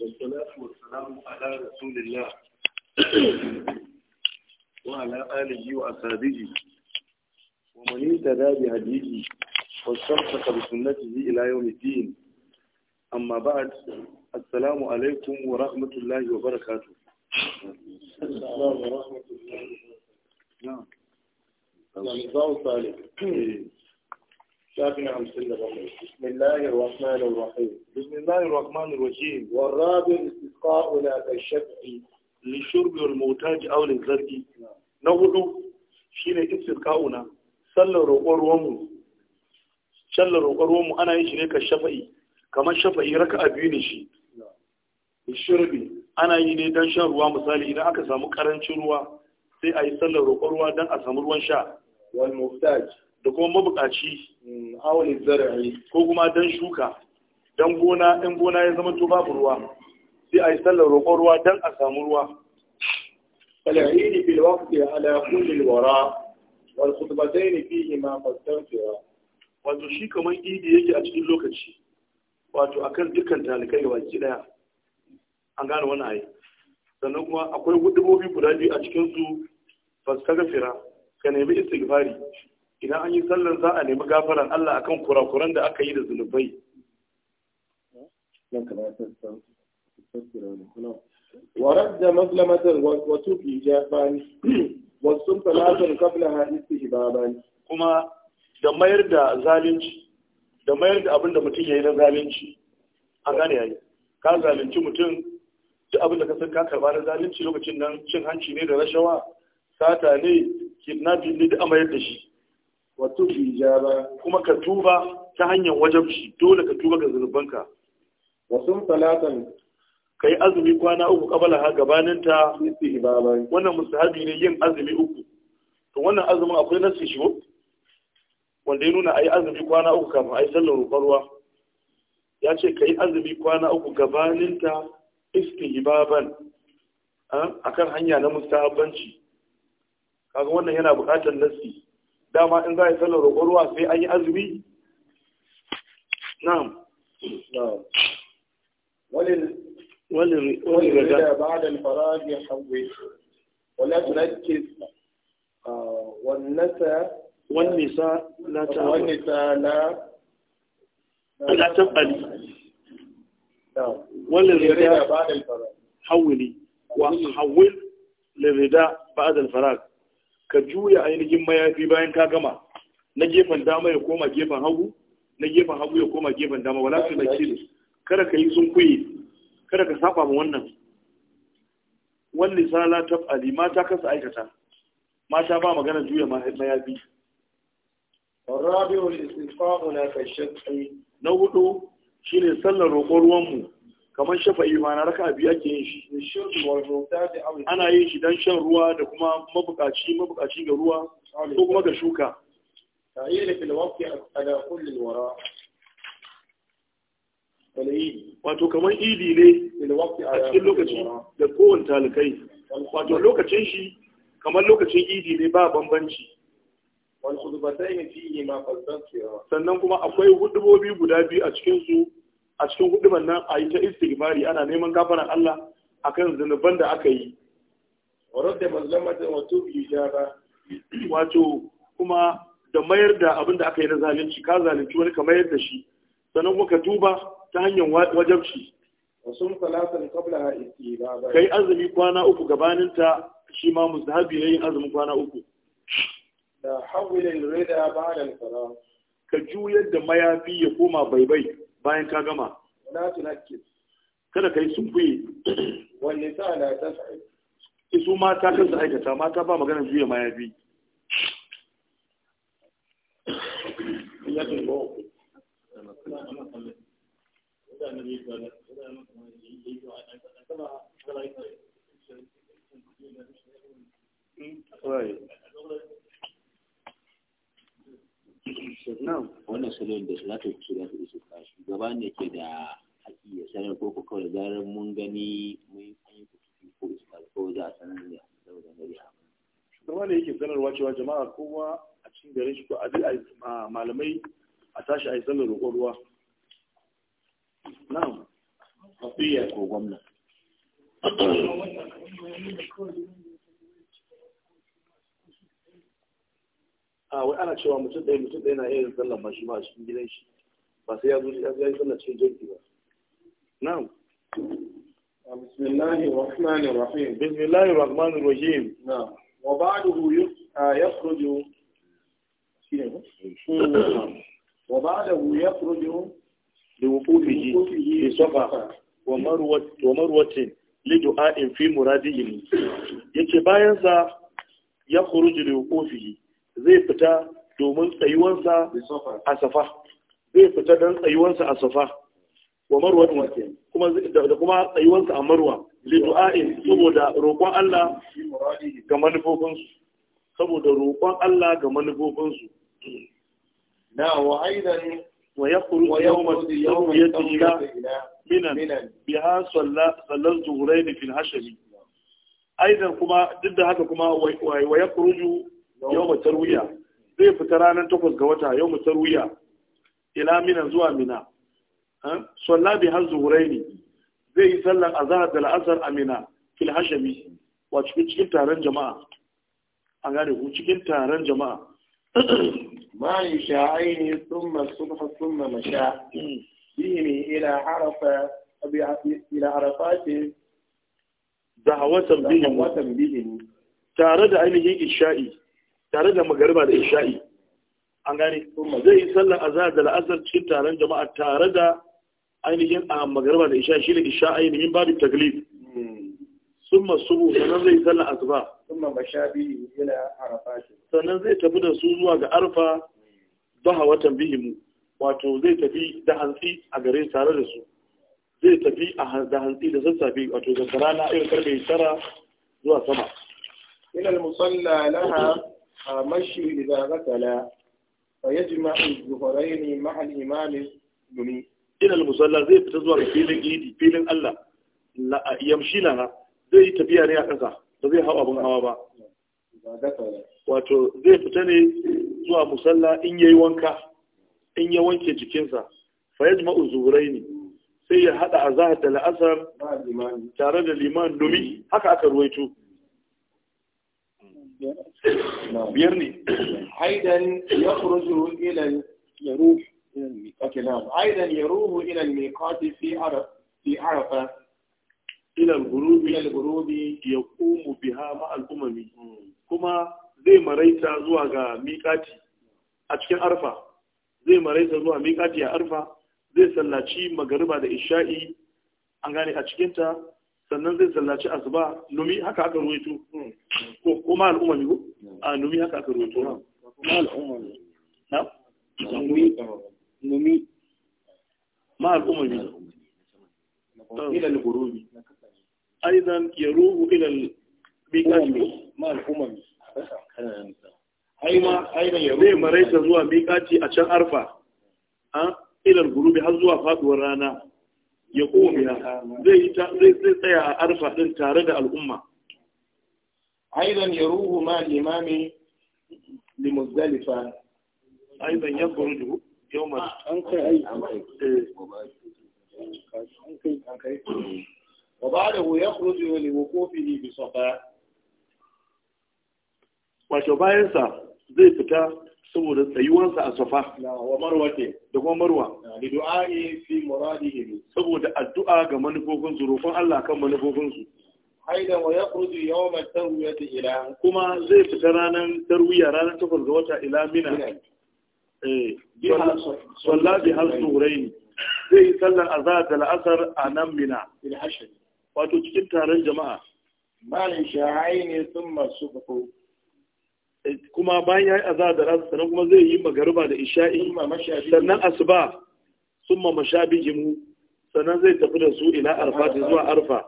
والصلاة والسلام على رسول الله وعلى آله وأصحابه ومن اهتدى بهديه واستمسك بسنته إلى يوم الدين أما بعد السلام عليكم ورحمة الله وبركاته السلام ورحمة الله وبركاته نعم نعم شافنا خمسين بسم الله الرحمن الرحيم بسم الله الرحمن الرحيم والرابع استسقاء لا كالشفع لشرب الموتاج او للغرق نقول شين استسقاؤنا sallar roƙon ruwanmu sallar roƙon ruwanmu ana yin shi ne ka shafa'i kamar shafa'i raka a biyu ana yi ne don shan ruwa misali idan aka samu karancin ruwa sai a yi sallar roƙon ruwa don a samu ruwan sha wal muftaj da kuma mabukaci mm, awali zar'i ko kuma don shuka dan gona dan gona ya zama to ruwa sai a yi sallar roƙon ruwa dan a samu ruwa ala فالعيد في الوقت على كل الوراء والخطبتين فيهما فاستغفرا wato shi kamar idi yake a cikin lokaci wato akan dukkan talikai baki ɗaya? an gane wani ayi sannan kuma akwai hudubobi guda biyu a cikin su fasagafira ka nemi istighfari idan an yi sallar za a nemi gafara Allah akan kurakuran da aka yi da zunubai ورد مظلمة وتوب إجابان والسم ثلاثا قبلها استهبابا كما da mayar da zalunci da mayar da abin da mutum ya yi na zalunci a gane yayi ka zalunci mutum duk abin da ka ka karba na zalunci lokacin nan cin hanci ne da rashawa sata ne kidnapping ne da amayar da shi wato tufi jaba kuma ka tuba ta hanyar wajabci dole ka tuba ga zunubanka wa sun ka kai azumi kwana uku kabala ha gabanin ta wannan musahabi ne yin azumi uku to wannan azumin akwai nasi shi wanda ya nuna yi azumi kwana uku kafin yi sallar rufarwa ya ce kai azumi kwana uku gabanin ta istihbaban akan ah, hanya na musahabanci kaga wannan yana buƙatar nasi dama in za a yi sallar roƙon ruwa sai an yi azumi na'am walil walil da ba'da al-faraj yahwi wala tunakkiz wan nasa wan nisa la ta wan da ba'da al-faraj hawli wa hawil lirida ba'da ka juya ainihin mayafi bayan ka gama na gefen dama ya koma gefen hagu na gefen hagu ya koma gefen dama wala su zaki kada ka yi sun kuyi kada ka saba ma wannan wani sala ta ali mata kasa aikata mata ba magana juya mayafi na hudu shine sallar roƙon ruwanmu kamar shafa'i ma na raka biyu ake yin shi ana yin shi don shan ruwa da kuma mabukaci mabukaci ga ruwa ko kuma ga shuka wato kamar idi ne a cikin lokaci da kowane talikai wato lokacin shi kamar lokacin idi ne ba bambanci sannan kuma akwai hudubobi guda biyu a cikinsu a cikin hudubar nan a yi ta istighfari ana neman gafaran Allah a kan zunuban da aka yi warar da mazlamata wato ijaba wato kuma da mayar da abin da aka yi na zalunci ka zalunci wani ka mayar da shi sannan kuma ka duba ta hanyar wajabci wasun salatan qabla azumi kwana uku gabaninta shi ma mustahabi yin azumin kwana uku da ka juyar da mayafi ya koma baibai bayan ka gama la tunakis kada kai sunkuye wanne sa la tasai su ma ta su aikata mata ba maganar juya ma ya bi Right. wannan salon da za salatu ce da su suka shugaba ne ke da haƙi ya sanar ko ko kawai zarar mun gani mun an yi kutufi ko iskar ko za a sanar da saboda gari a shugaba ne yake sanarwa cewa jama'a kowa a cikin garin shi ko a duk malamai a tashi a yi sallar roƙon ruwa na'am ko gwamna a wai ana cewa mutum ɗaya mutum ɗaya na iya yin sallan mashi a cikin gidan shi ba sai ya zo shi ya yi sallan cikin ba na'am bismillahir rahmanir rahim bismillahir rahmanir rahim na wa ne ba. wa ba'dahu yakhruju li wuqufihi fi safa wa marwat wa marwatin li du'a'in fi muradihi yace bayan sa ya khuruju li wuqufihi zai fita domin tsayuwansa a safa zai fita don tsayuwansa a safa wa marwa da kuma tsayuwansa a marwa lidu'a'in saboda roƙon Allah ga manufofinsu saboda roƙon Allah ga manufofinsu na wa aidan wa ya yakhruju yawma yawmiyatiha minan bi ha biha sallal zuhrayn fil hashr aidan kuma duk da haka kuma wa ya yakhruju yau mu tarwiya. zai fita ranar takwas ga wata yau mu tarwiya. ila mina zuwa mina salla bi har zuhurai ne zai yi sallar zahar da la'asar a mina fil hashami wa cikin cikin taron jama'a a gane ku cikin taron jama'a ma yi sha'aini masu hasun summa masha bihimi ila harafa ila da dahawatan bihim tare da ainihin isha'i tare da magariba da isha'i an gane zai yi sallar azhar da la'asar cikin taron jama'a tare da ainihin a magariba da isha'i, shi ne isha ainihin babu taglif sun masu sannan zai sallar asuba sannan zai tafi da su zuwa ga arfa baha watan bihimu wato zai tafi da hantsi a gare tare da su zai tafi da hantsi da sassafe wato da rana irin karfe tara zuwa sama. Ina musalla laha مشي إذا غسل فيجمع الظهرين مع الإمام الدني إلى المصلى زي بتزور فيلن إيدي فيلن الله لا يمشي لها زي تبيع ريا كذا تبيع هوا أبو هوا با wato zai fita ne zuwa musalla in yayi wanka in ya wanke jikinsa fa yajma'u zuhraini sai ya hada azhar da la'asar tare da liman domin haka aka ruwaito biyar ne haidan ya furuzu ila ya ruhu ake nan ya ruhu ila miqati fi arafa ila al-ghurub ila ya ghurub biha ma kuma zai maraita zuwa ga a cikin arfa zai maraita zuwa a arfa zai sallaci magariba da isha'i an gane a cikinta sannan zai zallaci asuba numi haka aka ruwaito ko kuma al'umma ne a numi haka aka ruwaito ma al'umma ne na numi numi ma al'umma ne ila al-ghurubi aidan yaruhu ila al ma al'umma ne zai maraita zuwa biqati a can arfa an gurubi har zuwa faduwar rana ya komiya zai tsaya a arfa ɗin tare da al'umma. Aizan ya ruhu ma limami limuzdalifa. Aizan ya kuru yau ma. An kai an kai. An kai An kai. ya kuru da yau kofi bisa sofa. Wato bayansa zai fita saboda tsayuwansa a safa wa marwa ke da kuma marwa li du'a'i fi muradihim saboda addu'a ga manufofin su roƙon Allah kan manufofin su haida wa yakhruju yawm at-tarwiyah ila kuma zai fita ranar tarwiya ranar takwas ga wata ila mina eh salla bi hal zai yi sallar azhar da al'asr a nan mina wato cikin taron jama'a malin sun masu subhu kuma bayan ya yi azahar da rasu sannan kuma zai yi magariba da isha'i sannan asuba sun ma mashabi sannan zai tafi da su ila arfa da zuwa arfa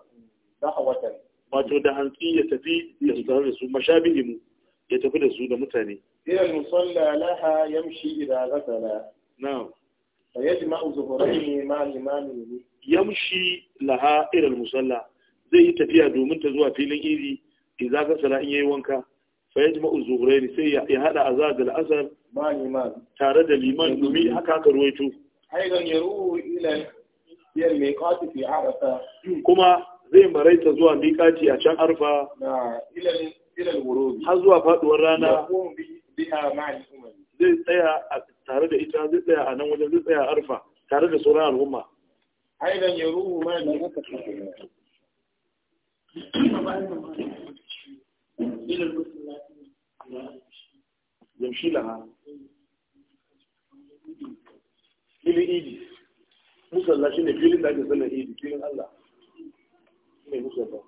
wato da hantsi ya tafi da su tare da su mashabi ya tafi da su da mutane musalla laha yamshi ila ghasala na'am fa ma yamshi laha ilal musalla zai yi tafiya domin ta zuwa filin idi idza ghasala in yayi wanka fayyaj ma'uzurai sai ya hada a za da la'azar tare da liman dumi haka haka ruwaito kuma zai maraita zuwa miƙaci a can arfa har zuwa faduwar rana zai tsaya tare da ita zai tsaya a nan wajen zai tsaya arfa tare da sauran al'umma Ayyukan yaro ma da haka ta ke yamshi laha filin idi musalla shi ne filin da ake sallar idi filin allah shi ne musalla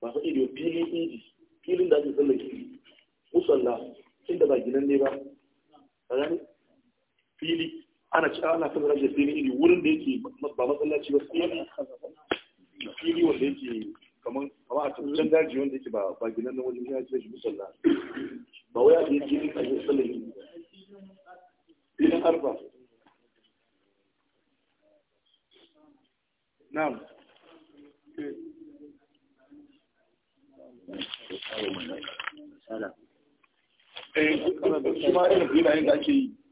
ba su idi filin idi filin da ake sallar idi musalla inda ba ginan ne ba a fili ana ci ana kan rage fili iri wurin da yake ba masallaci ba fili fili wanda yake kamar kamar a cikin daji wanda yake ba ba gidan nan wajen ya ce shi musalla ba waya a ce yin a yi sallah yi filin arfa na'am Eh, kuma irin filayen da ake yi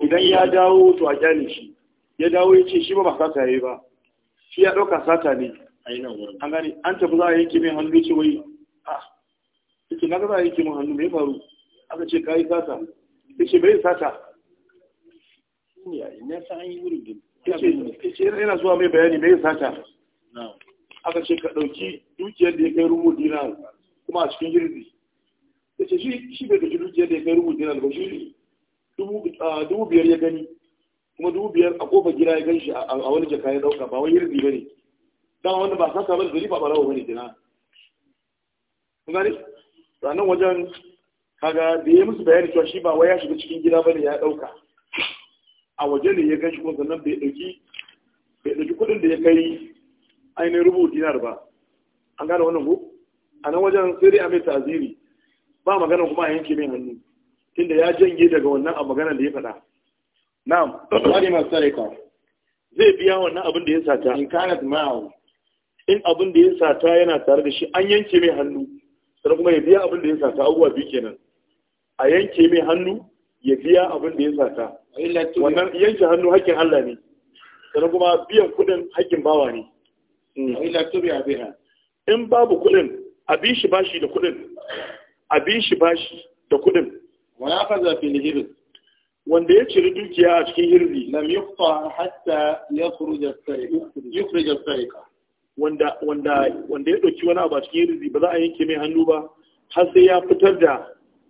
idan ya dawo to a kyale shi ya dawo ya ce shi ba ba sata yayi ba shi ya ɗauka sata ne an gani an tafi za a yanke min hannu ce wai a ah, yake na za a yanke min hannu mai faru aka ce ka yi sata yake bai sata ya yana zuwa mai bayani mai sata aka ce ka ɗauki dukiyar da ya kai rubu dinar kuma a cikin girbi ya ce shi bai ɗauki dukiyar da ya kai rubu dinar ba shi dubu biyar ya gani kuma dubu biyar a kofar gida ya gan shi a wani jaka ya dauka ba wani hirzi ba ne dama wanda ba saka ba da zuri ba barawa ba ne dina kun gani sannan wajen kaga da ya musu bayani cewa shi ba wai ya shiga cikin gida ba ne ya dauka a waje ne ya gan shi kuma sannan bai ɗauki bai kuɗin da ya kai ainihin rubu dinar ba an gane wannan ko a nan wajen sai dai a mai ta'aziri ba magana kuma a yanke mai hannu tunda ya janye daga wannan a magana da ya faɗa na'am wani masu sarika zai biya wannan abin da ya sata in kana ma'au in abin da ya sata yana tare da shi an yanke mai hannu sai kuma ya biya abin da ya sata abubuwa biyu kenan a yanke mai hannu ya biya abin da ya sata wannan yanke hannu hakkin Allah ne sannan kuma biyan kuɗin hakkin bawa ne hmm. in babu kuɗin a bi shi bashi da kuɗin a bi shi bashi da kuɗin wa ya faza fil hirz wanda ya ciri dukiya a cikin hirzi lam yuqta hatta yakhruj as da wanda wanda wanda ya dauki wani abu a cikin hirzi ba za a yanke mai hannu ba har sai ya fitar da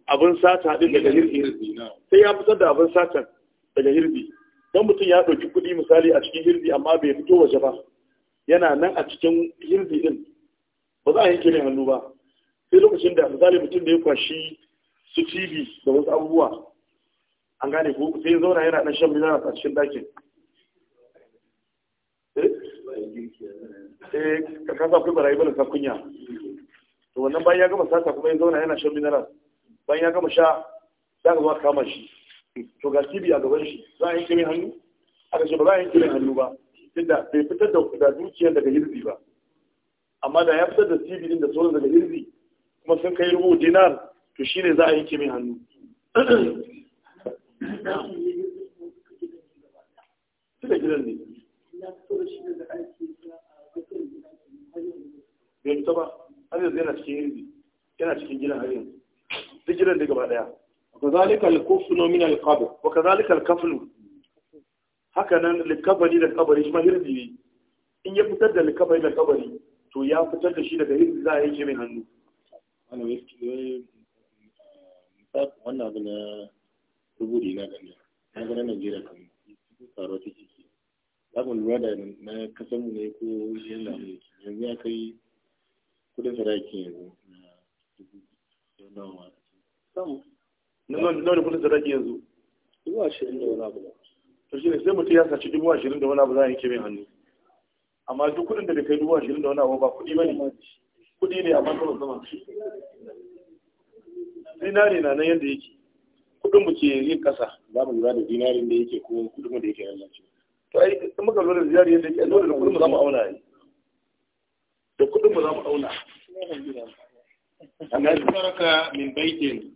abin sata din daga hirzi sai ya fitar da abin sata daga hirzi Don mutum ya dauki kuɗi misali a cikin hirzi amma bai fito waje ba yana nan a cikin hirzi din ba za a yanke mai hannu ba sai lokacin da misali mutum da ya kwashi su cibi da wasu abubuwa an gane ko sai ya zauna yana ɗan shan milara a cikin ɗakin eh, eh ka kasa kuma rayu ta kunya to wannan bayan ya gama sata kuma ya zauna yana shan milara bayan ya gama sha za ka zo kama shi to ga cibi a gaban shi za a yi kirin hannu aka ce ba za a yi kirin hannu ba tunda bai fitar da dukiyar daga hirzi ba amma da ya fitar da cibi din da sauran daga hirzi kuma sun kai rubu dinar to shi ne za a yanke mai hannu suka gidan ne bai fita ba har yanzu yana cikin yana cikin gidan har yanzu duk gidan da gaba daya وكذلك الكفن من hakanan da kabari shi ma ne in ya fitar da likabari da kabari to ya fitar da shi daga hirzi za a yanke mai hannu wannan abu na dubu riga da ne na gana najeriya kan tsaro ta ciki za mu lura da na kasan mu ne ko yin lamu yanzu ya kai kudin sadaki yanzu na dubu samu nawa da kudin sadaki yanzu dubu ashirin da wani abu to shi ne sai mutum ya saci dubu ashirin da wani abu za a yanke mai hannu amma duk kudin da bai kai dubu ashirin da wani abu ba kudi ba ne kudi ne amma kawai zama dinari na nan yadda yake kudin mu ke yin kasa za mu lura da dinarin da yake ko kudin mu da yake ce to ai in muka lura da dinari yadda yake lura da kudin mu za mu auna ne da kudin mu za mu auna an gani baraka min baitin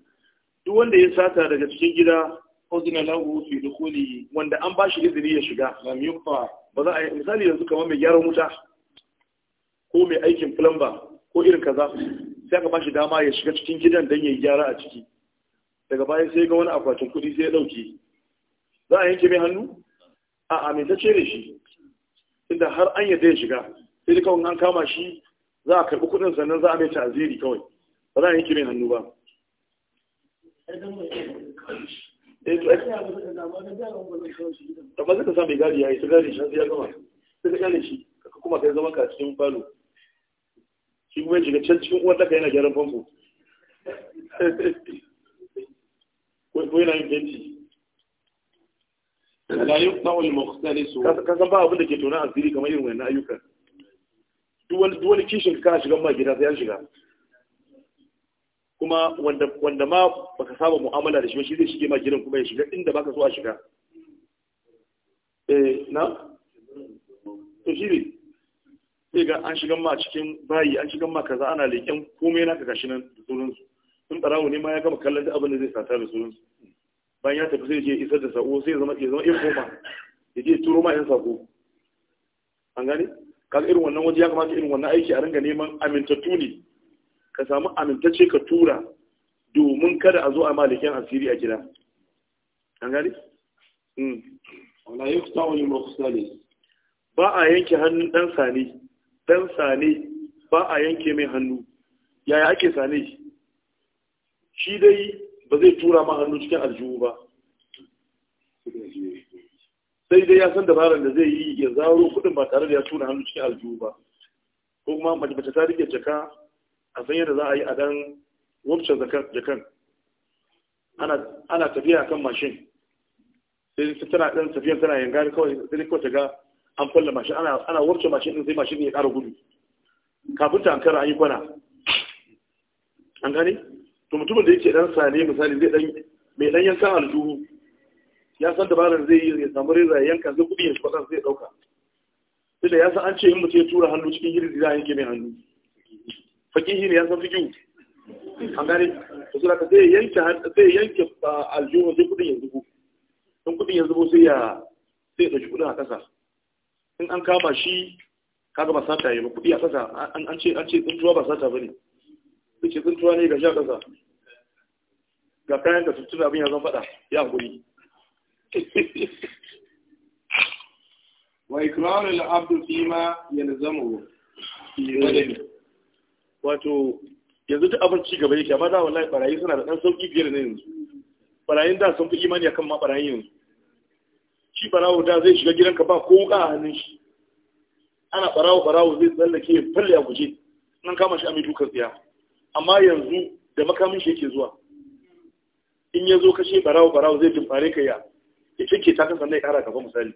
duk wanda ya sata daga cikin gida ko zina lahu fi dukuli wanda an bashi izini ya shiga lam yuqta ba za a misali yanzu kamar mai gyaran wuta ko mai aikin plumber ko irin kaza sai ba shi dama ya shiga cikin gidan don ya yi gyara a ciki daga baya sai ga wani akwatin kuɗi sai ya dauke za a yanke mai hannu a amintacce da shi inda har an yadda ya shiga sai da kawai an kama shi za a karɓi kuɗin sannan za a mai taziri kawai ba za a yanke mai hannu ba eh, ba zai ka sa mai gari ya yi su gari shi ya gama sai ka kyale shi kuma kai zama ka cikin falo shi kuma ya shiga can cikin uwar daka yana gyaran famfo ko yana yin fenti la yuqta'u al-mukhtalisu ka san ba abin da ke tona asiri kamar yin wani ayyukan Duwani kishin ka shigan ma gida sai an shiga kuma wanda ma baka saba mu'amala da shi shi zai shige ma gidan kuma ya shiga inda baka so a shiga eh na to shi ne sai ga an shigan ma cikin bayi an shigan ma kaza ana leƙen komai naka gashi nan da su in barawo ne ma ya gama kallon duk abin da zai sata da su bayan ya tafi sai je isar da sako sai zama ya zama informa ya je turo ma yan sako an gane kaga irin wannan waje ya kamata irin wannan aiki a ringa neman amintattu ne ka samu amintacce ka tura domin kada a zo a malikin asiri a gida an gane hmm. wala yuqta'u al-mukhsalis ba a yanke hannun dan sani dan sane ba a yanke mai hannu yaya ake sane shi shi dai ba zai tura ma hannu cikin aljihu ba sai dai ya san dabarar da zai yi ya zaro kudin ba tare da ya tura hannu cikin aljihu ba ko kuma mace ta rike jaka a san yadda za a yi a dan da jakan ana tafiya kan mashin sai tana dan tafiya tana yanga kawai sai kawai ta ga an kwallo mashi ana warce mashin ɗin sai mashin ya ƙara gudu kafin ta hankara an yi kwana an gani to mutumin da yake ɗan sane misali zai dan mai ɗan yankan aljuhu ya san dabarar zai yi ya samu rira yanka zai kuɗi ya shiga zai ɗauka. tunda ya san an ce in mutum ya tura hannu cikin hirin zai yanke mai hannu fakihi ne ya san fikihu an gani to sai ka zai yanke zai yanke ah, aljuhu zai kuɗi ya zubo in kuɗin ya zubo sai ya sai ya dauki kudin a ƙasa. in an kama shi kaga ba sata yi ba kuɗi a ƙasa an ce an ce tsuntuwa ba sata ba ne sai ce tsuntuwa ne ga sha ƙasa ga kayan da tuttuna abin ya zan faɗa ya guri wa al al'abdu fi ma yalzamu wato yanzu duk abin ci gaba yake amma da wallahi barayi suna da ɗan sauƙi biyar ne yanzu barayin da sun fi imani akan ma barayin yanzu shi barawo da zai shiga gidanka ba ko wuka a hannun shi ana barawo barawo zai tsallake ke falle a guje nan kama shi a mai dukar tsiya amma yanzu da makamin shi yake zuwa in ya zo kashe barawo barawo zai dumfare ka ya ya cike ta kasan ya kara gaba misali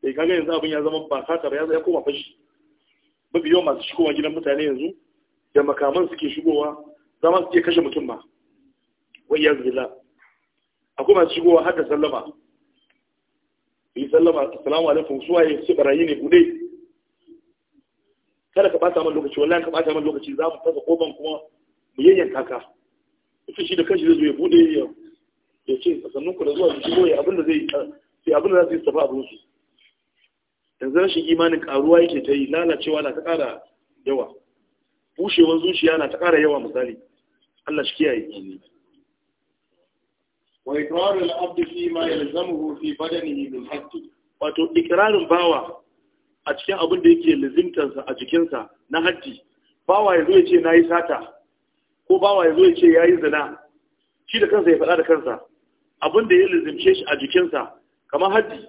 sai eh, kaga yanzu abin ya zama ba sata ba ya koma fashi mafi yawan masu shigowa gidan mutane yanzu da makaman suke shigowa zama su ke kashe mutum ba wai ya zila akwai masu shigowa har da sallama yi sallama assalamu alaikum suwa ya ce barayi ne bude kada ka bata man lokaci wallahi ka bata man lokaci za mu fasa koban kuma mu yayyanka ka ita shi da kashi zai zo ya bude ya ya ce sannan ku da zuwa shi goye abinda zai sai abinda za su yi safa abin su yanzu rashin imanin karuwa yake ta yi lalacewa na ta ƙara yawa bushewar zuciya na ta ƙara yawa misali Allah shi kiyaye wa iqrarul abd fi ma yalzamuhu fi badanihi bil haqq wato ikrarin bawa a cikin abin da yake lazimtansa a jikinsa na haji bawa ya zo ya ce na yi sata ko bawa ya zo ya ce ya yi zina shi da kansa ya faɗa da kansa abin da ya lazimce shi a jikinsa kamar haji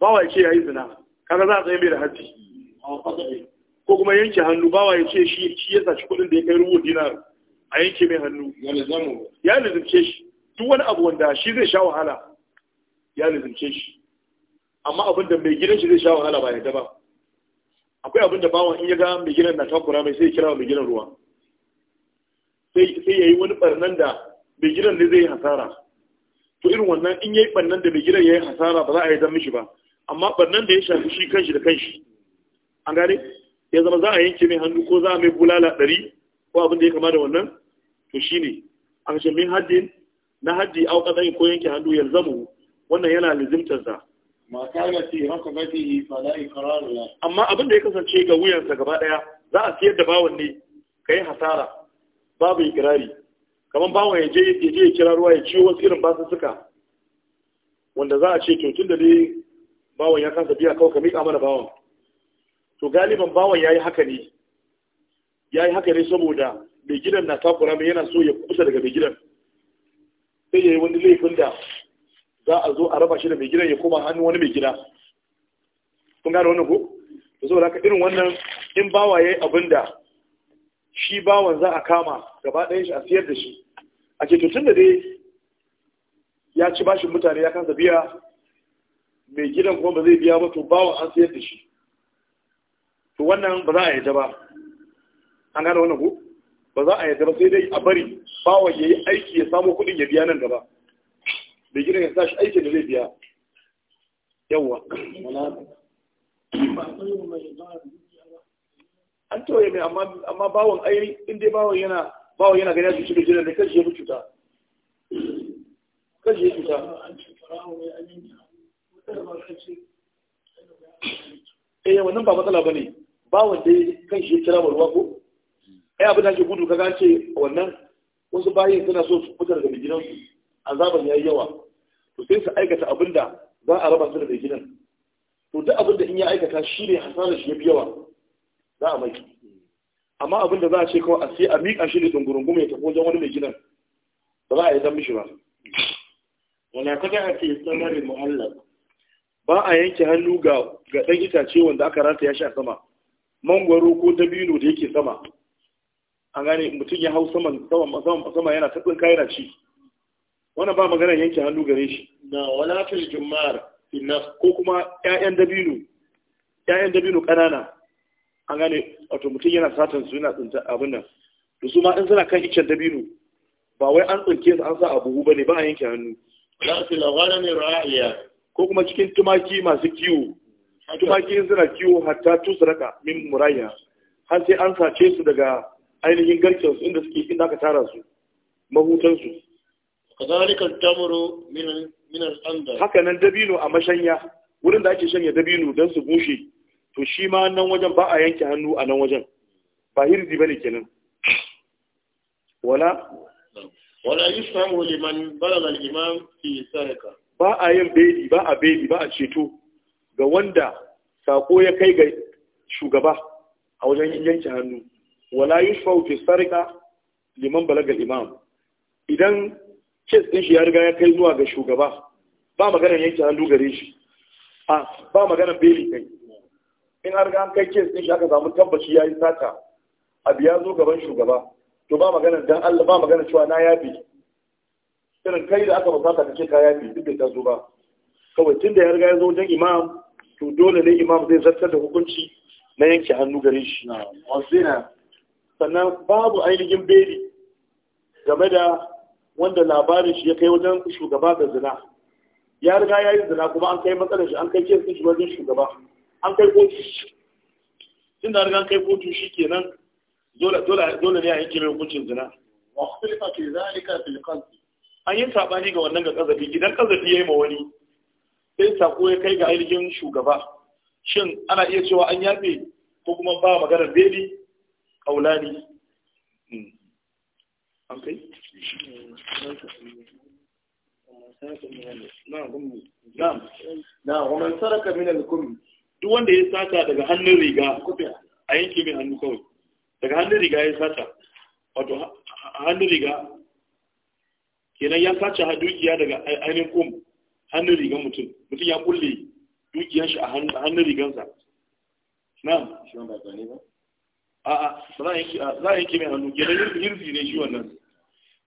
bawa ya ce ya yi zina kaga za a tsaye mai da haji ko kuma yanke hannu bawa ya ce shi ya saci kuɗin da ya kai rubu dinar a yanke mai hannu ya lizimce shi duk wani abu wanda shi zai sha wahala ya lizimce shi amma abin da mai gidan shi zai sha wahala ba yadda ba akwai abin da bawon in ya ga mai gidan na takura mai sai kira mai gidan ruwa sai ya yi wani barnan da mai gidan ne zai yi hasara to irin wannan in ya yi barnan da mai gidan ya yi hasara ba za a yi zan mishi ba amma barnan da ya shafi shi kanshi da kanshi an gane ya zama za a yanke mai hannu ko za a mai bulala ɗari ko abin da ya kama da wannan to shine an ce min haddin na haddi au qada'i ko yanke hannu yalzamu wannan yana lazimtar sa ma kana fi raqabatihi fala iqrar amma abin da ya kasance ga wuyansa gaba daya za a siyar da bawon ne kai hasara babu ikrari kaman bawon ya je ya je ya kira ruwa ya ciwo wasu irin basu suka wanda za a ce to tunda dai bawon ya kasa biya kawai ka miƙa mana bawon to galiban bawon yayi haka ne yayi haka ne saboda mai gidan na takura mai yana so ya kusa daga mai gidan sai ya yi wani laifin da za a zo a raba shi da mai gidan ya koma hannu wani mai gida kun gane wannan ko da saboda haka irin wannan in bawa yayi abin da shi bawan za a kama gaba ɗayan shi a siyar da shi a ke to tunda dai ya ci bashin mutane ya kasa biya mai gidan kuma ba zai biya ba to bawan an siyar da shi to wannan ba za a yarda ba an gane wannan ko ba za a yarda ba sai dai a bari bawa ya yi aiki ya samu kuɗin ya biya nan gaba da gina ya sashi aikin da zai biya yawwa an tawaye mai amma bawon ai inda bawon yana bawon yana gani a cikin jiran da kashi ya fi cuta kashi ya cuta eh nan ba matsala ba ne bawon dai kan shi ya kira ruwa ko ai abin da ke gudu kaga ce wannan wasu bayin suna so su fitar da gidansu ya yayi yawa to sai su aikata abin da za a raba su da gidan to duk abin da in ya aikata shi ne hasarar shi ya fi yawa za a mai amma abin da za a ce kawai a sai a miƙa shi da dungurungume ya tafi wajen wani mai gidan ba za a yi dan mishi ba wala kada a ce samari mu'allaf ba a yanke hannu ga ga dan itace wanda aka rata ya sha sama mangwaro ko dabino da yake sama an gane mutum ya hau saman sama yana ta tsinka yana ci wannan ba magana yanke hannu gare shi na wala fil jumar inna ko kuma ƴaƴan dabino ƴaƴan dabino ƙanana an gane wato mutum yana satan su yana tsinta abin nan da su ma in suna kan iccen dabino ba wai an tsinke su an sa a buhu bane ba a yanke hannu la fil ghanami ra'iya ko kuma cikin tumaki masu kiwo tumaki suna kiwo hatta tusraka min muraya har sai an sace su daga ainihin garkensu inda suke inda aka tara su mahutansu kazalikan tamuru minan tsanda haka nan dabino a mashanya wurin da ake shanya dabino don su bushe to shi ma nan wajen ba a yanke hannu a nan wajen ba hirzi bane kenan wala wala yusfamu liman balagha al-imam fi sarika ba a yin beli ba a beli ba a ceto ga wanda sako ya kai ga shugaba a wajen yanke hannu wala yushfa'u fi sarqa liman balaga imam idan kes ɗin shi ya riga ya kai zuwa ga shugaba ba maganar yanke hannu gare shi a ba maganar beli kai in har ga an kai kes ɗin shi aka samu tabbaci ya yi sata a biya zo gaban shugaba to ba maganar dan Allah ba maganar cewa na yafi irin kai da aka musaka kake ka yafi duk da ta zo ba kawai tunda ya riga ya zo wajen imam to dole ne imam zai zartar da hukunci na yanke hannu gare shi na wasina sannan babu ainihin beli game da wanda labarin shi ya kai wajen shugaba da zina ya riga ya yi zina kuma an kai matsalar shi an kai kesin shi wajen shugaba an kai kotu tun da riga an kai kotu shi kenan dole ne a yanke mai hukuncin zina an yi saɓani ga wannan ga ƙazafi idan ƙazafi ya yi ma wani sai sako ya kai ga ainihin shugaba shin ana iya cewa an yafe ko kuma ba maganar beli aulani hmm. an kai na waman saraka min al-kum duk wanda ya sata daga hannun riga a yanke mai hannu kawai daga hannun riga ya sata wato hannun riga kenan ya sace dukiya daga ainihin kum hannun rigan mutum mutum ya kulle dukiyar shi a hannun rigansa na shi ba ba a'a za a yanke mai hannu gidan hirzi ne shi wannan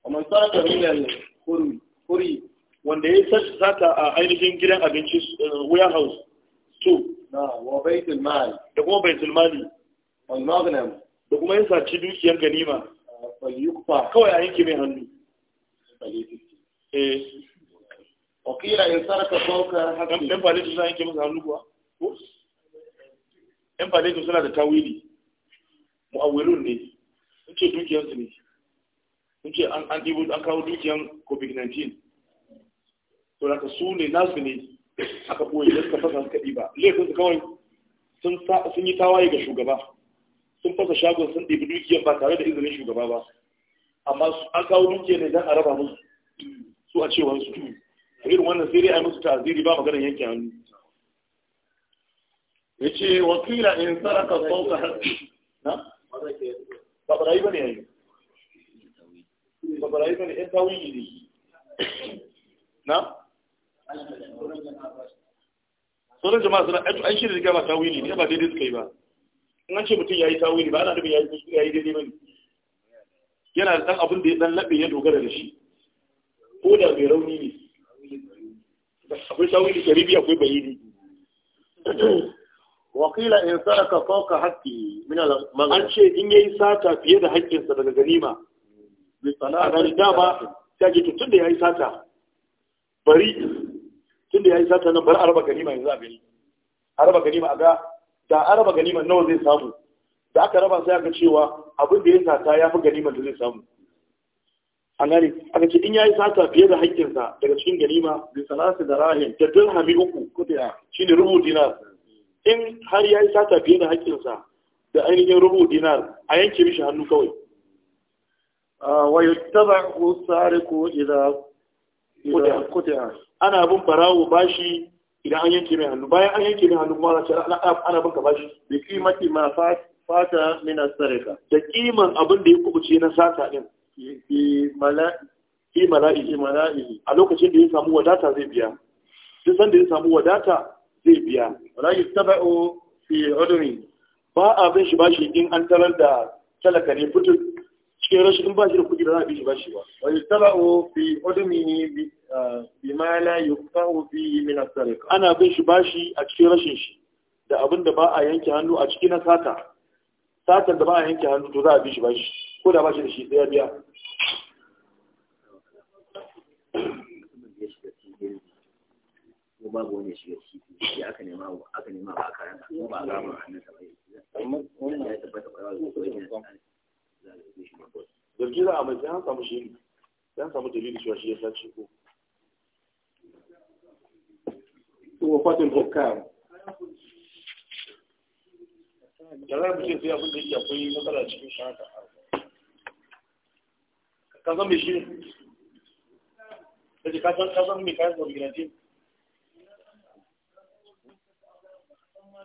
amma sa da milal huri wanda ya sace sata a ainihin gidan abinci eh, warehouse to na wa baitul mal da kuma baitul mali wal magnum da kuma ya saci dukiyar ganima ah, falyukfa kawai a yanke mai hannu eh wakila in saraka fauka hakan dan falitu za a yanke masa hannu kuwa yan falitu suna da tawili a mu'awwilun ne sun ce dukiyarsu ne sun ce an ɗibo an kawo dukiyar covid-19 to da su ne nasu ne aka koyi da suka fasa suka ɗiba laifin su kawai sun yi tawaye ga shugaba sun fasa shagon sun ɗibi dukiyar ba tare da izinin shugaba ba amma an kawo dukiyar ne don a raba musu su a cewar su a irin wannan sai dai a yi musu ta'aziri ba maganar yanke hannu Ya ce wakila in saraka sauka na ba barayi ba ne yayi ba barayi ba ne yan tawiyi ne na sauran jama'a suna an shirya riga ba tawili ne ba daidai suka yi ba in an ce mutum ya yi tawili ba ana nufin ya yi daidai ba ne yana da ɗan abin da ya ɗan laɓe ya dogara da shi ko da mai rauni ne akwai tawili sharibi akwai bayini wakila in saraka fauka haƙƙi min al-maghrib an ce in yayi sata fiye da haƙƙinsa daga ganima bi sana'a dama ta ce tun da yayi sata bari tun da yayi sata nan bari araba ganima yanzu a gani araba ganima a ga da araba ganima nawa zai samu da aka raba sai aka cewa abin da ya sata ya fi ganimar da zai samu an gani aka ce in yayi sata fiye da haƙƙinsa daga cikin ganima bi sana'a da rahim da dirhami uku kudiya shine rubu dinar in har ya yi sata fiye da haƙƙinsa da ainihin rubu dinar a yanke mishi hannu kawai ah, wa yuttaba ko ila kuta ana bin barawo bashi idan an yanke mai hannu bayan an yanke mai hannu kuma za ta ana bin ka bashi kima kimati ma fata mina sarika. da kiman abin da ya kubuce na sata din Ki mala'i mala'i a lokacin da ya samu wadata zai biya duk sanda ya samu wadata zai biya wala yustaba'u fi udumi ba a bin shi bashi in an talar da talaka ne fitu cikin rashin in bashi da kudi da za a bin shi bashi ba wa yustaba'u fi udumi bi ah, ma la yuqahu bi min as-sariqa ana bin shi bashi a cikin rashin shi da abin da ba a yanke hannu a cikin sata satar da ba a yanke hannu to za a bin shi bashi ko da bashi da shi daya ya biya ko babu wani shiga ciki shi aka nema aka nema ba ba a annan bai ya tabbata ba da a shi an samu dalili shi ya sace ko da yake akwai matsala cikin ka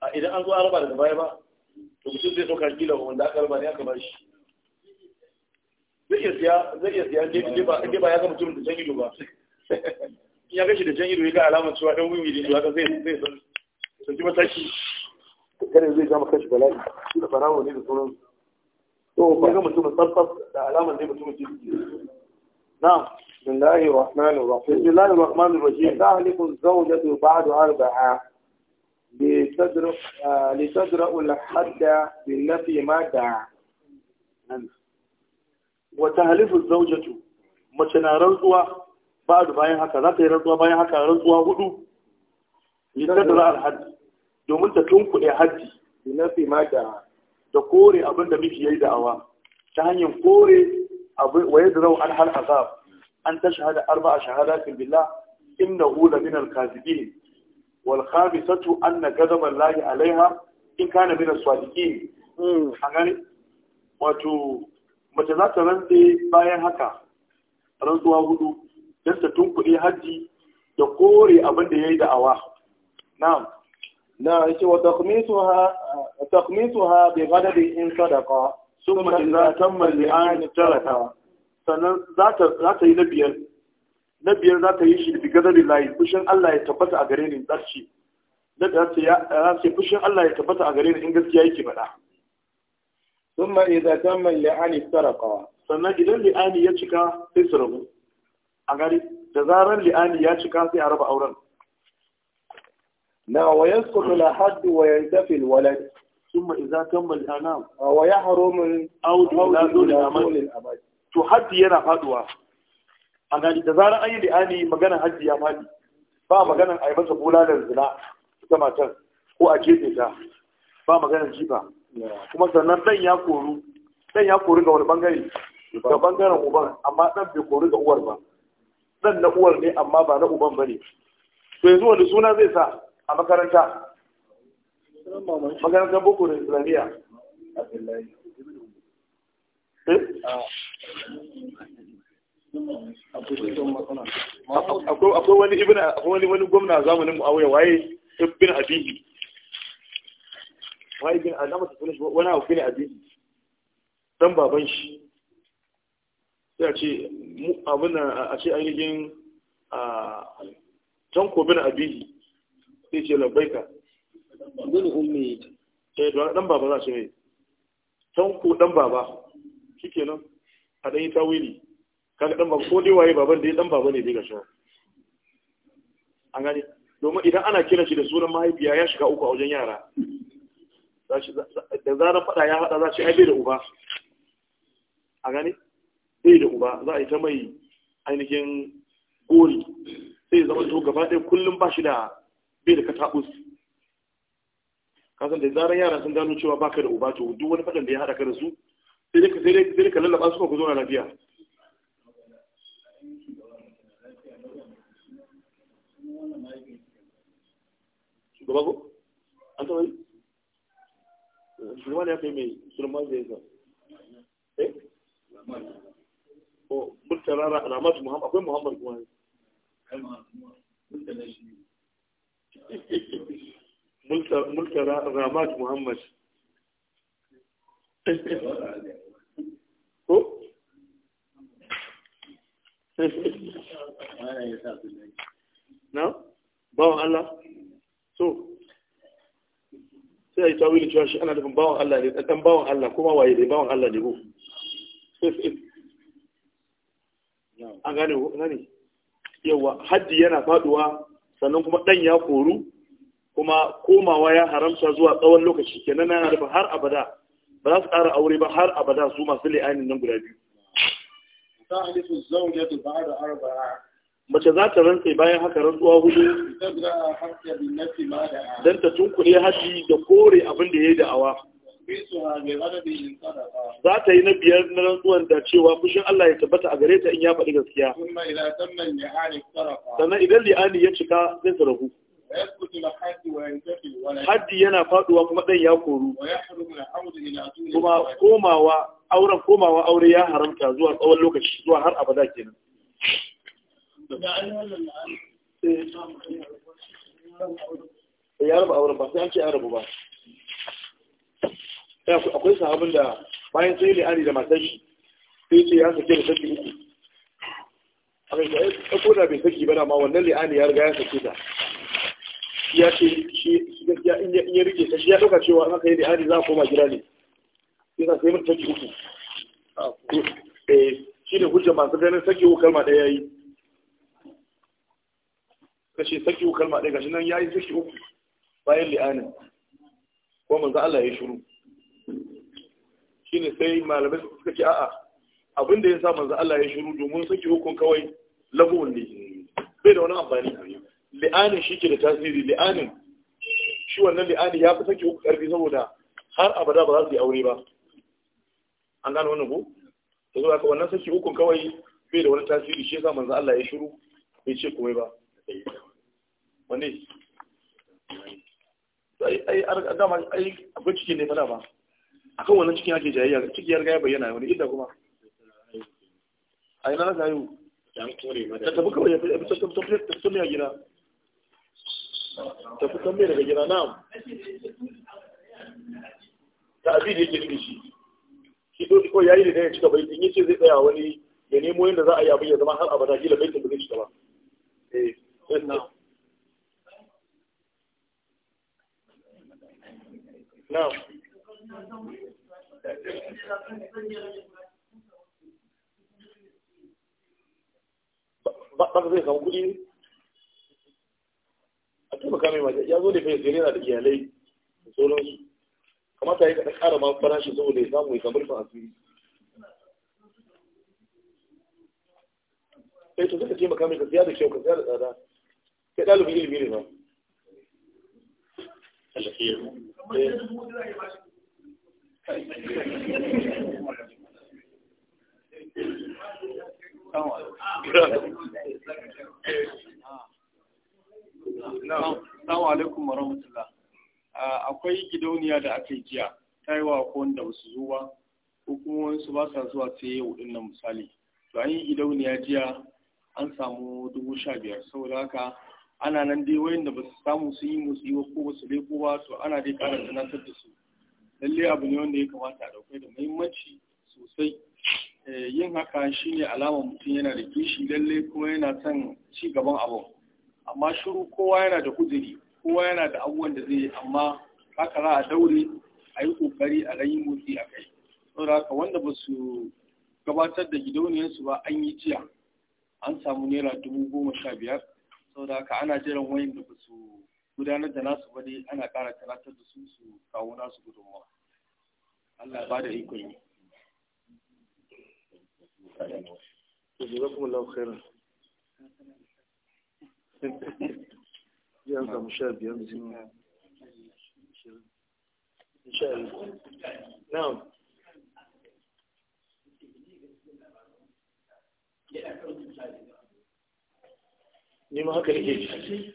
a idan an zo an raba daga baya ba to mutum zai ɗauka kila wanda aka raba ne aka ba shi zai iya siya zai iya siya ne ba ya ga mutum da jan ba in ya gashi da jan ido ya ga alamar cewa ɗan wiwi ne to haka zai zai san sanji mataki kare zai ja maka shi bala'i shi da farawo ne da sauran to ba ga mutum tsantsan da alamar ne mutum ke نعم بسم الله الرحمن الرحيم بسم الله الرحمن الرحيم تهلك الزوجة بعد أربعة آه، لتدرأ آه الحد بالنفي ما دعا نعم. وتهلف الزوجة متنا رزوة بعد باين هكا ذات رزوة باين حكا رزوة هدو لتدرأ نعم. الحد domin انت تنكو يا حد بالنفي ما دعا da kore abin يجد أوام تهني da'awa ويدروا عنها العذاب أن تشهد أربع شهادات بالله إنه لمن الكاذبين والخامسة أن غضب الله عليها إن كان من الصادقين حقاني wato mace za ta rantse bayan haka rantsuwa hudu don ta tunkuɗe hajji da kore abin da ya yi da'awa na'am na ce wa takmisu ha bi ghadabi in sadaqa Suma in za ta malli an taraka sannan za ta yi na biyar na biyar za ta yi shi da gadarin layi kushin Allah ya tabbata a gare ni zarce da za ta yi kushin Allah ya tabbata a gare ni in gaskiya yake faɗa sun ma idan ta malli an taraka sannan idan li'ani ya cika sai su rabu a gari da zarar li'ani ya cika sai a raba auren na wa su kula haddu wayan yantafi al walad ثم إذا كمل الأنام ويحرم أود لا دون الأمل to haddi yana faduwa a gani da zarar an yi li'ani magana haddi ya faɗi. ba magana a yi masa bulalar zina ita matar ko a jefe ta ba magana jifa kuma sannan dan ya koru dan ya koru ga wani bangare ga bangaren uban amma dan bai koru ga uwar ba dan na uwar ne amma ba na uban ne. to yanzu wani suna zai sa a makaranta boko da islamiyya eh? akwai wani gwamna a gwamna zamanin muawiya waye ibn abihi waye ibn adama ta sunan wani abu bin abihi don baban shi sai a ce abin a ce ainihin a tanko bin abihi sai ce labbaika ibn ummi eh don dan baba za shi ne tanko dan baba shikenan a dai yi tawili kaga dan baba ko dai waye baban dai dan baba ne dai ga shi an gane domin idan ana kira shi da sunan mahaifiya ya shiga uku a wajen yara da zarar fada ya hada za shi ai bai da uba a gane bai da uba za a yi ta mai ainihin gori sai zama to gaba ɗaya kullum ba shi da bai da katabus kasan da zaran yara sun gano cewa baka da uba to duk wani fadan da ya hada ka da su sai dai sai dai ka lallaba su ku zo na lafiya ko an taɓa yi ya kai mai sulman zai yasa eh ko oh, murtala ramatu muhammad akwai muhammad kuma ne mulka ramat muhammad ko? na? bawan Allah? so sai a yi tawili cewa shi ana nufin bawan Allah ne ɗan bawan Allah kuma waye ne bawan Allah ne ko? an gane ko? gane yauwa haddi yana faduwa sannan kuma ɗan ya koru kuma komawa ya haramta zuwa tsawon lokaci kenan na yana har abada ba za su ƙara aure ba har abada su masu li'anin nan guda biyu mace za ta rantsa bayan haka rantsuwa hudu don ta tunkuɗe haji da kore abin da ya yi da'awa za ta yi na biyar na rantsuwan da cewa fushin Allah ya tabbata a gare ta in ya faɗi gaskiya sannan idan li'ani ya cika zai ta rahu haddi yana faduwa kuma dan ya koru kuma komawa auren komawa aure ya haramta zuwa tsawon lokaci zuwa har abada kenan ya eh, raba auren ba sai an ce an rabu ba akwai sahabin da bayan sai li'ani da matan shi sai ce ya sake da sake uku a kai ta ko da bai saki ba da ma wannan li'ani ya riga ya sake ta shi ya ce ya rike ta shi ya ɗauka cewa an aka yi lihari za a koma gida ne sai ka sai mun saki uku ah, eh, shi ne hujja masu ganin saki uku kalma ɗaya ya yi kashe saki uku kalma ɗaya gashi nan ya yi saki uku bayan li'anin ko manzo Allah ya shiru shine sai malamai suka ce a'a abin da ya sa manzo Allah ya shiru domin saki hukun kawai li'anin shi ke da tasiri li'anin shi wannan li'ani ya fi sake uku ƙarfi saboda har abada ba za su yi aure ba an gano wannan ko da zuwa wannan sake uku kawai bai da wani tasiri shi yasa manzo Allah ya shiru bai ce komai ba Wani, ai ai dama ai akwai cikin ne fada ba akan wannan cikin ake jayayya ciki ya ya bayyana wani idda kuma ai na rasa yau ta tabbuka kawai ya fi tafi tafi tafi ya tafi ta fitan mai daga gida na. ta abin da yake nufi shi shi dole ko yayi da ya cika baitin ce zai tsaya wani ya nemo yadda za a yi abin ya zama har abada kila baitin ba zai cika ba eh na'am ba zai samu kuɗi taimaka mai mace ya zo da fayyace na da iyalai da sauransu kamata ya kaɗa ƙara ma farashi saboda ya samu ya kamar fa asiri sai eh, to suka taimaka mai ka siya da kyau ka siya da tsada sai ɗalibin ilimi ne ba Thank you. Assalamu alaikum wa rahmatullah. Akwai gidauniya da aka yi jiya, ta yi wa wanda ba su zo ba, ko kuma wasu ba sa zuwa ta yi nan misali. To an yi gidauniya jiya an samu dubu sha biyar, saboda haka ana nan dai wayan da ba su samu su yi musu wa ko ba su leko ba, to ana dai ƙara tunatar da su. Lallai abu ne wanda ya kamata a ɗaukai da muhimmanci sosai. Eh, yin haka shine alamar mutum yana da kishi lallai kuma yana son ci gaban abu. amma shiru kowa yana da kudiri kowa yana da abubuwan da zai yi amma haka za a daure a yi kokari a rayu motsi a kai sau da haka wanda ba su gabatar da gidauniyarsu ba an yi jiya an samu naira dubu goma sha biyar da haka ana jiran wayan da ba su gudanar da nasu ba ana ƙara talatar da su su kawo nasu gudunmawa Allah ba da ikon yi. ya samu ni ma haka nake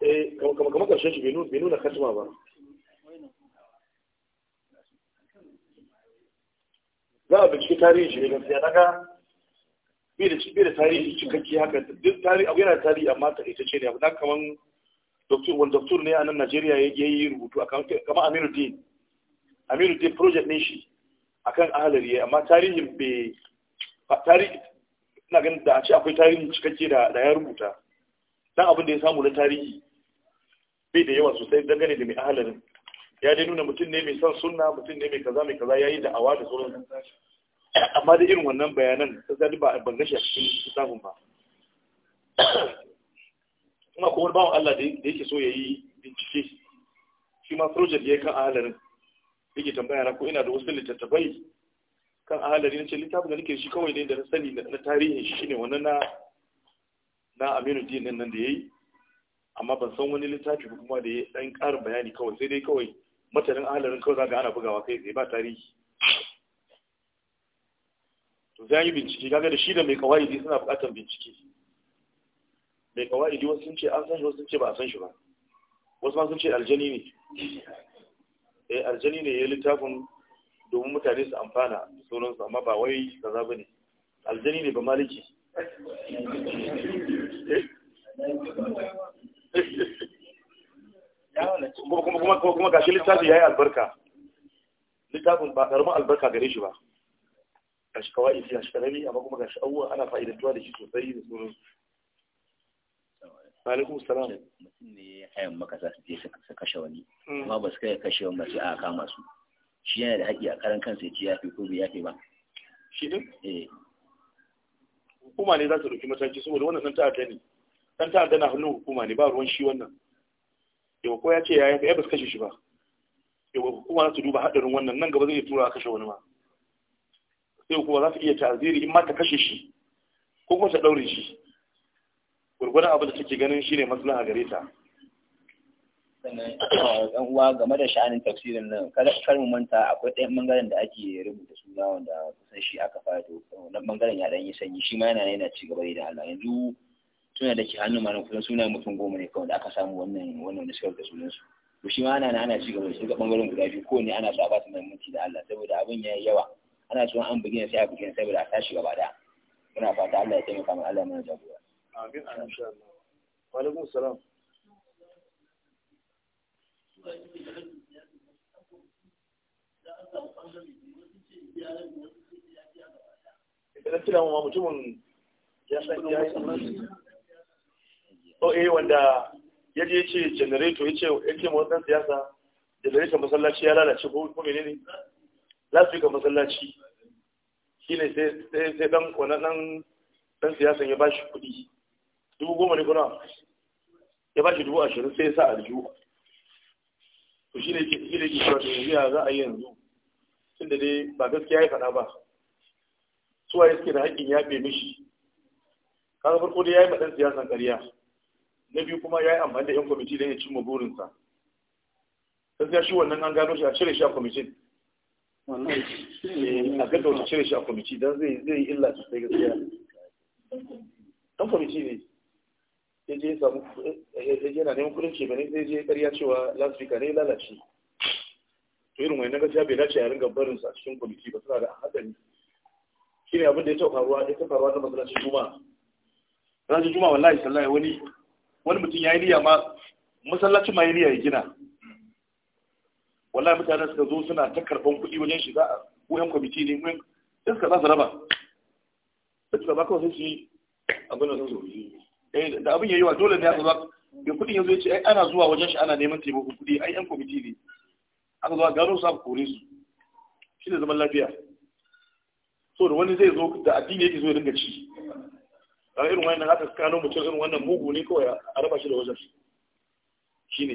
eh, Kama eh kamar kamar karshen shi bai nuna ba za a tarihi shi ne bai da bai tarihi cikakke haka duk tarihi abu yana tarihi amma ta ita ce ne abu na kaman doktor wani doktor ne a nan Najeriya ya yi rubutu akan kamar Aminu Din Aminu Din project ne shi akan ahalari amma tarihin bai tarihi ina ganin da a ce akwai tarihin cikakke da ya rubuta dan abin da ya samu na tarihi bai da yawa sosai dangane da mai ahalarin ya dai nuna mutum ne mai son sunna mutum ne mai kaza mai kaza Ya yi da awa da sauran amma da irin wannan bayanan ta zadi ba a gashi a cikin samun ba kuma ko wani bawan Allah da yake so ya yi bincike shi ma project ya yi kan ahalarin yake tambaya na ko ina da wasu littattafai kan ahalari na ce littafin da nake shi kawai ne da na sani na tarihin shi ne wannan na na aminu din nan da ya yi amma ban san wani littafi kuma da ya yi ɗan ƙarin bayani kawai sai dai kawai matanin ahalarin kawai za ga ana bugawa kai zai ba tarihi to sai yi bincike ga da shi da mai kawaidi suna bukatar bincike mai kawaidi wasu sun ce an san shi wasu sun ce ba a san shi ba wasu ma sun ce aljani ne eh aljani ne ya littafin domin mutane su amfana sauransu amma ba wai kaza bane aljani ne ba maliki eh. kuma kuma kuma ya yi yayi albarka littafin ba karamin albarka gare shi ba gashi kawai ga shi karami amma kuma shi abubuwa ana fa'idantuwa da shi sosai da sauran alaikum salam mutum ne ya hayan maka za su je su kashe wani mm. amma ba su kai kashe wani mace a kama su shi yana da haƙƙi a karan kansa ya ce ya fi ko bai ya fi ba shi din eh hukuma ne za ta ɗauki mataki saboda wannan ɗan ta'adda ne ɗan ta'adda na hannun hukuma ne ba ruwan shi wannan yau ko ya ce ya yafi ya ba su kashe shi ba yau hukuma za su duba haɗarin wannan nan gaba zai tura a kashe wani ma sai kuma za su iya ta'aziri in ma ta kashe shi ko kuma ta daure shi gurgurdan abin da take ganin shine maslaha gare ta sannan dan uwa game da sha'anin tafsirin nan kar mu manta akwai ɗayan bangaren da ake rubuta suna wanda kusan shi aka fara to wannan bangaren ya dan yi sanyi shi ma yana yana ci gaba da Allah yanzu suna da ke hannu malam kusan suna mutum goma ne kawai da aka samu wannan wannan da suka rubuta sunan su to shi ma ana ana ci gaba da shi ga bangaren guda biyu ko ne ana sa ba su muhimmanci da Allah saboda abin yayi yawa ana so an bugi sai a bugi ne saboda a tashi gaba da muna fata Allah ya taimaka mana Allah mana jagora amin insha Allah wa alaikum salam idan tuna ma mutumin ya san ya yi o eh wanda ya je ce generator ya ce ya ce motsan siyasa generator masallaci ya lalace ko menene ne za su yi ga masallaci shi ne sai dan wannan dan siyasan ya bashi kuɗi dubu goma ne kuna ya bashi dubu ashirin sai ya sa aljihu to shi ne shi ne ke cewa yanzu ya za a yi yanzu tunda dai ba gaskiya ya faɗa ba waye suke da haƙƙin yaɓe mishi kaga farko dai ya yi maɗan siyasan ƙarya na biyu kuma ya yi amfani da 'yan kwamiti don ya cimma burinsa gaskiya shi wannan an gano shi a cire shi a kwamitin Eh, a gaggauta cire shi a kwamiti don zai yi illa sosai gaskiya dan kwamiti ne ya je samu ya je na neman kudin ce ne zai je ƙarya cewa lasfika ne lalace to irin wani gaskiya bai dace a ringa barin a cikin kwamiti ba suna da hatsari shi ne abin da ya taɓa faruwa ya taɓa faruwa ta masallacin juma? ranar juma'a wallahi sallahi wani wani mutum ya yi niyya ma masallacin ma ya niyya ya gina wallahi mutanen suka zo suna ta karban kuɗi wajen shiga a wuyan kwamiti ne mun sai suka za su raba sai suka ba kawai sai su yi abin da sun zo eh da abin yayi wa dole ne aka ba da kuɗin yanzu yace ai ana zuwa wajen shi ana neman taimako kuɗi ai yan kwamiti ne aka zo gano su aka kore su shi ne zaman lafiya so da wani zai zo da addini yake zo ya dinga ci a irin wannan aka kano mutum irin wannan mugu ne kawai a raba shi da wajen shi ne